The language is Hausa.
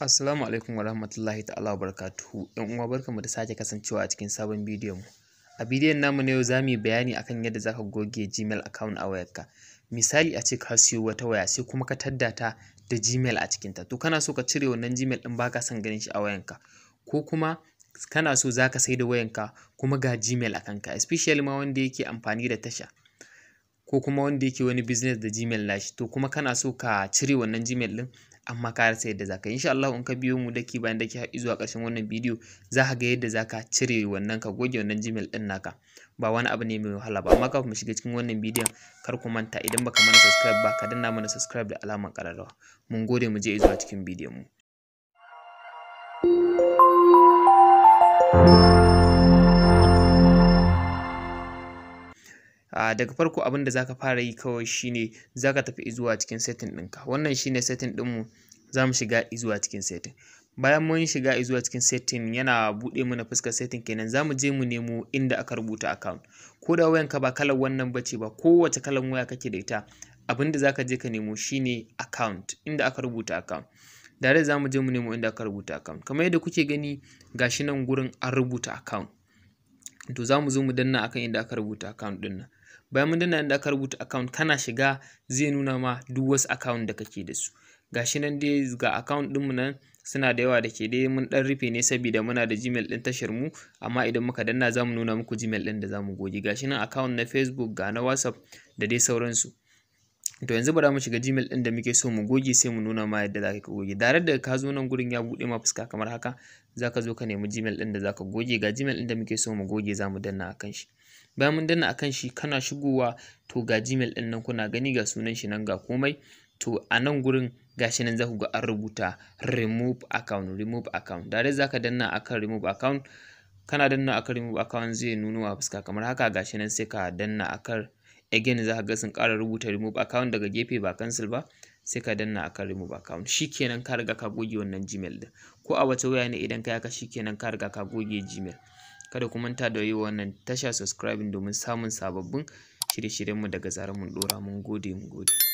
Assalamu alaikum wa rahmatullahi ta'ala wa barakatuhu. ‘Yan uwa barkanmu da sake kasancewa a cikin sabon bidiyon mu. A bidiyon namu na yau za mu yi bayani akan yadda zaka goge Gmail account a wayarka. Misali a ce ka siyo wata waya sai kuma ka tadda ta da Gmail a cikinta. To kana so ka cire wannan Gmail ɗin baka son ganin shi a wayanka. Ko kuma kana so zaka saida sai da wayanka kuma ga Gmail a kanka especially ma wanda yake amfani da tasha. ko kuma wanda yake wani business da Gmail nashi to kuma kana so ka cire wannan Gmail din amma ka rasa yadda zaka yi insha Allah in ka biyo mu daki bayan daki har zuwa ƙarshen wannan bidiyo za ka ga yadda zaka cire wannan ka goge wannan Gmail din naka ba wani abu ne mai wahala ba amma ka mu shiga cikin wannan bidiyon kar ku manta idan baka mana subscribe ba ka danna mana subscribe da alamar ƙararrawa mun gode mu je zuwa cikin bidiyon mu daga farko abin da zaka fara yi kawai shine zaka tafi izuwa cikin setin ɗinka wannan shine setin ɗinmu za mu shiga izuwa cikin setting bayan mun shiga izuwa cikin setin yana buɗe mana fuskar setting kenan za mu je mu nemo inda aka rubuta account ko da wayanka ba kalar wannan bace ba kowace kalar waya kake da ita abin da zaka je ka nemo shine account inda aka rubuta account da za mu je mu nemo inda aka rubuta account kamar yadda kuke gani ga shi nan gurin an rubuta account to za mu zo mu danna akan inda aka rubuta account ɗin nan bayan mun danna inda aka rubuta account kana shiga zai nuna ma duk wasu account da kake da su gashi nan dai ga account mu nan suna da yawa da ke dai mun ɗan rufe ne saboda muna da gmail ɗin tashar mu amma idan muka danna za mu nuna muku gmail ɗin da za mu goge gashi nan account na facebook ga na whatsapp da dai sauransu to yanzu bari mu shiga gmail ɗin da muke so mu goge sai mu nuna ma yadda za ka goge dare da ka zo nan gurin ya buɗe ma fuska kamar haka za ka zo ka nemi gmail ɗin da za goge ga gmail ɗin da muke so mu goge za mu danna a kan shi bayan mun danna a kan shi kana shigowa to ga gmail ɗin nan kuna gani ga sunan shi nan ga komai to a nan gurin gashi nan za ku ga an rubuta remove account remove account dare zaka za ka danna akan remove account kana danna akan remove account zai nuna ma fuska kamar haka gashi nan sai ka danna akan again za ka ga sun ƙara rubuta remove account daga gefe ba cancel ba sai ka danna akan remove account shikenan ka riga ka goge wannan gmail din ko a wata waya ne idan ka yaka shikenan ka riga ka goge gmail kada ku manta da yi wannan tasha subscribing domin samun sababbin shirye-shiryenmu daga zarar mun ɗora mun gode mun gode